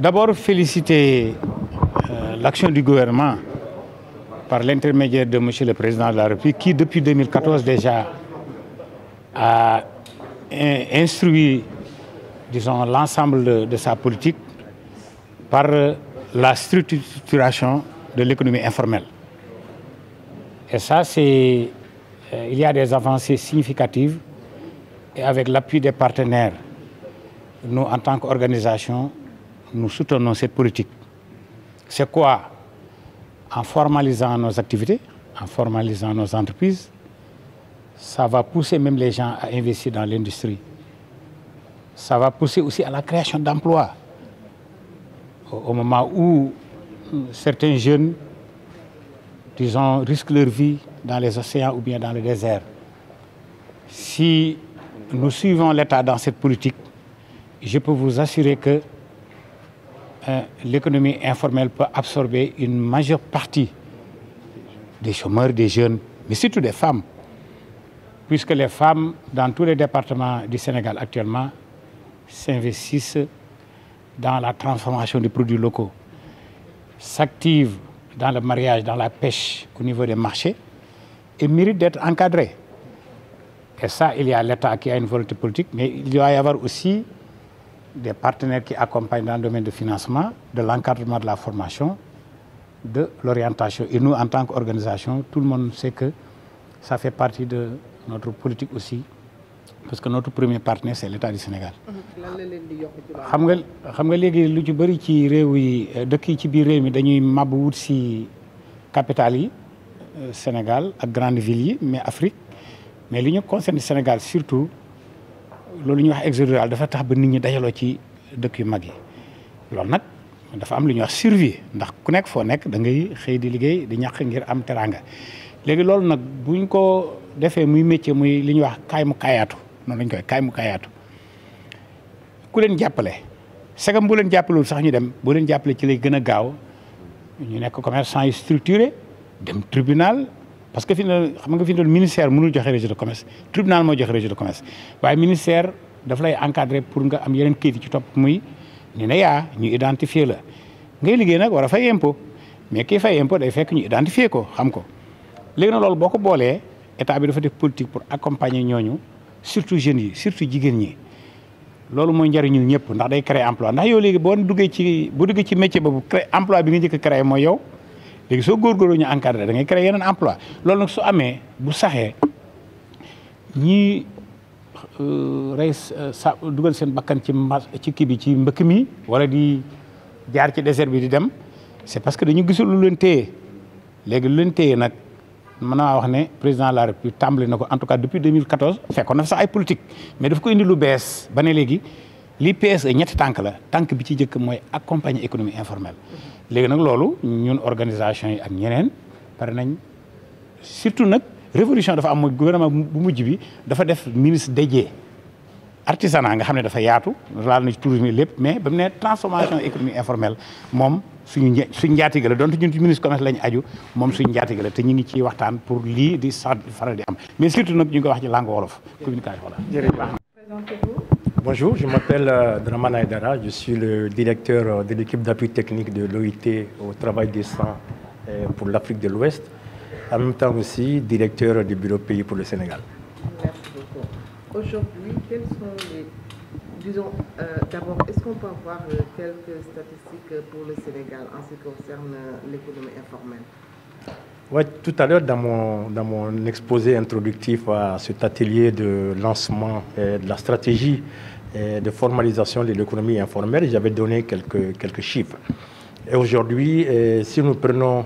D'abord, féliciter euh, l'action du gouvernement par l'intermédiaire de M. le Président de la République qui, depuis 2014 déjà, a instruit disons, l'ensemble de, sa politique par euh, la structuration de l'économie informelle. Et ça, c'est, euh, il y a des avancées significatives et avec l'appui des partenaires, nous, en tant qu'organisation, nous soutenons cette politique. C'est quoi En formalisant nos activités, en formalisant nos entreprises, ça va pousser même les gens à investir dans l'industrie. Ça va pousser aussi à la création d'emplois. Au moment où euh, certains jeunes, disons, risquent leur vie dans les océans ou bien dans le désert, si nous suivons l'État dans cette politique, je peux vous assurer que euh, l'économie informelle peut absorber une majeure partie des chômeurs, des jeunes, mais surtout des femmes. Puisque les femmes, dans tous les départements du Sénégal actuellement, s'investissent dans la transformation des produits locaux, s'activent dans le mariage, dans la pêche au niveau des marchés et méritent d'être encadrées. Et ça, il y a l'État qui a une volonté politique, mais il doit y avoir aussi des partenaires qui accompagnent dans le domaine du financement, de l'encadrement de la formation, de l'orientation. Et nous, en tant qu'organisation, tout le monde sait que ça fait partie de notre politique aussi, parce que notre premier partenaire, c'est l'État du Sénégal. Mhm. Euh, Sénégal à grande mais Afrique mais li ñu concerne Sénégal surtout loolu ñuy wax exode dafa tax ba nit ñi dajaloo ci dëkk yu mag yi loolu nag dafa am lu ñuy wax survie ndax ku nekk foo nekk da ngay xëy di liggéey di ñàq ngir am teraanga léegi loolu nag buñ ko defee muy métier muy li ñuy wax kaay mu kaayaatu noonu lañ koy kaay mu kaayaatu ku leen jàppale segam bu leen jàppalewul sax ñu dem boo leen jàppale ci lay gën a gaaw ñu nekk commerçant yu structuré dem tribunal parce que fi ne xam nga fi doon ministère mënul joxe registre de commerce tribunal moo joxe registre de commerce waaye ministère daf lay encadré pour nga am yeneen kayit yi ci topp muy ñu ne yaa ñu identifier la ngay liggéey nag war a fay impôt mais kii fay impôt day fekk ñu identifier ko xam ko léegi na loolu boo ko boolee état bi dafa def politique pour accompagner ñooñu surtout jeunes yi surtout jigéen ñi loolu mooy njëriñul ñëpp ndax day créer emploi ndax yow léegi boo duggee ci bu duggee ci métier boobu créer bi nga njëkk a mooy yow léegi soo góor ñu encadré da ngay créer yeneen emploi lool nag su amee bu saxee ñii euh, rey euh, sa dugal seen bakkan ci mas ci kii bi ci mbëkk mii wala di jaar ci désert bi di dem c'est parce que dañu gisul lu leen téye léegi lu leen téye nag mën naa wax ne président la république tàmbali na ko en tout cas depuis 2014 fekkoon na sax ay politique mais daf ko indi lu bees ba ne léegi li PSE ñetti tànk la tànk bi ci njëkk mooy accompagner économie informelle léegi nag loolu ñun organisation yi ak ñeneen pare nañ surtout nag révolution dafa am mooy gouvernement bu mujj bi dafa def ministre dédié artisanat nga xam ne dafa yaatu laal na ci tourisme lépp mais ba mu ne transformation économique informelle moom suñu suñ njaatige la donte ñun ci ministre commerce lañ aju moom suñ njaatige la te ñu ngi ciy waxtaan pour lii di faral di am mais surtout nag ñu ngi koy wax ci langue wolof communication la Bonjour, je m'appelle euh, Draman Aydara, je suis le directeur euh, de l'équipe d'appui technique de l'OIT au travail des sangs euh, pour l'Afrique de l'Ouest, en même temps aussi directeur du bureau pays pour le Sénégal. Merci beaucoup. Aujourd'hui, quels sont les... Disons, d'abord, est-ce qu'on peut avoir quelques statistiques pour le Sénégal en ce qui concerne l'économie informelle oui, tout à l'heure, dans mon, dans mon exposé introductif à cet atelier de lancement de la stratégie euh, de formalisation de l'économie informelle. J'avais donné quelques, quelques chiffres. Et aujourd'hui, euh, si nous prenons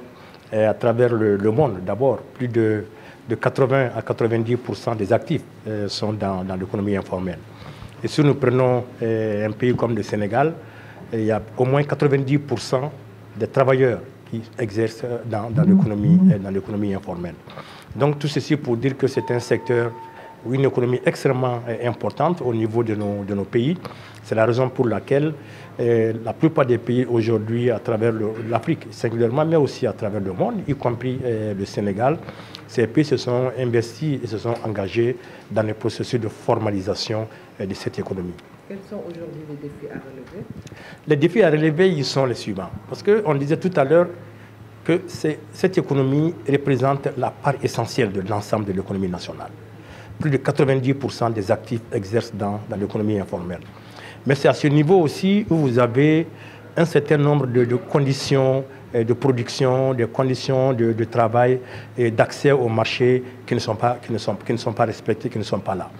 euh, à travers le, monde, d'abord, plus de, de, 80 à 90% des actifs sont dans, dans l'économie informelle. Et si nous prenons un pays comme le Sénégal, il y a au moins 90% des travailleurs qui exercent dans, dans l'économie informelle. Donc tout ceci pour dire que c'est un secteur une économie extrêmement euh, importante au niveau de nos, pays. C'est la raison pour laquelle euh, la plupart des pays aujourd'hui à travers l'Afrique singulièrement, mais aussi à travers le monde, y compris euh, le Sénégal, ces pays se sont investis et se sont engagés dans les processus de formalisation de cette économie. Quels sont aujourd'hui les défis à relever Les défis à relever, ils sont les suivants. Parce qu'on disait tout à l'heure, que cette économie représente la part essentielle de l'ensemble de l'économie nationale plus de 90% des actifs exercent dans, l'économie informelle. Mais c'est à ce niveau aussi où vous avez un certain nombre de, conditions euh, de production, de conditions de, travail et d'accès au marché qui ne, sont pas, qui, ne sont, qui ne sont pas respectées, qui ne sont pas là.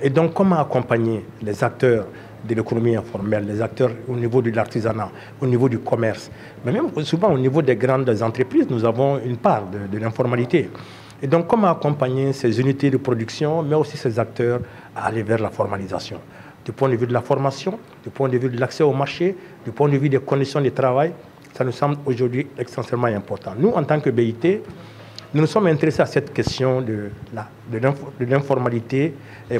Et donc, comment accompagner les acteurs de l'économie informelle, les acteurs au niveau de l'artisanat, au niveau du commerce, mais même souvent au niveau des grandes entreprises, nous avons une part de l'informalité. Et donc, comment accompagner ces unités de production, mais aussi ces acteurs à aller vers la formalisation Du point de vue de la formation, du point de vue de l'accès au marché, du point de vue des conditions de travail, ça nous semble aujourd'hui extrêmement important. Nous, en tant que BIT, nous nous sommes intéressés à cette question de l'informalité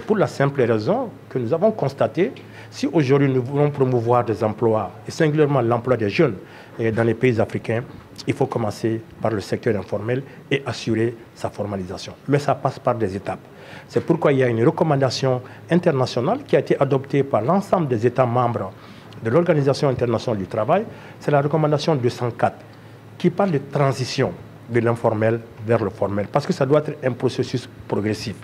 pour la simple raison que nous avons constaté, si aujourd'hui nous voulons promouvoir des emplois, et singulièrement l'emploi des jeunes dans les pays africains, il faut commencer par le secteur informel et assurer sa formalisation. Mais ça passe par des étapes. C'est pourquoi il y a une recommandation internationale qui a été adoptée par l'ensemble des États membres de l'Organisation internationale du travail. C'est la recommandation 204 qui parle de transition de l'informel vers le formel, parce que ça doit être un processus progressif.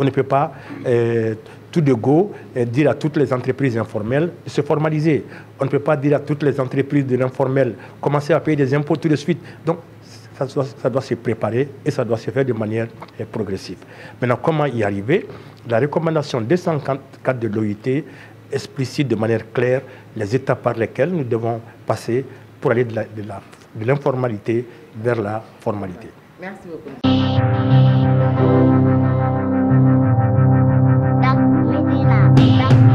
On ne peut pas euh, tout de go euh, dire à toutes les entreprises informelles de se formaliser. On ne peut pas dire à toutes les entreprises de l'informel commencer à payer des impôts tout de suite. Donc, ça doit, se préparer et ça doit se faire de manière euh, progressive. Maintenant, comment y arriver La recommandation 254 de l'OIT explicite de manière claire les étapes par lesquelles nous devons passer pour aller de l'informalité vers la formalité. Merci beaucoup. Thank you.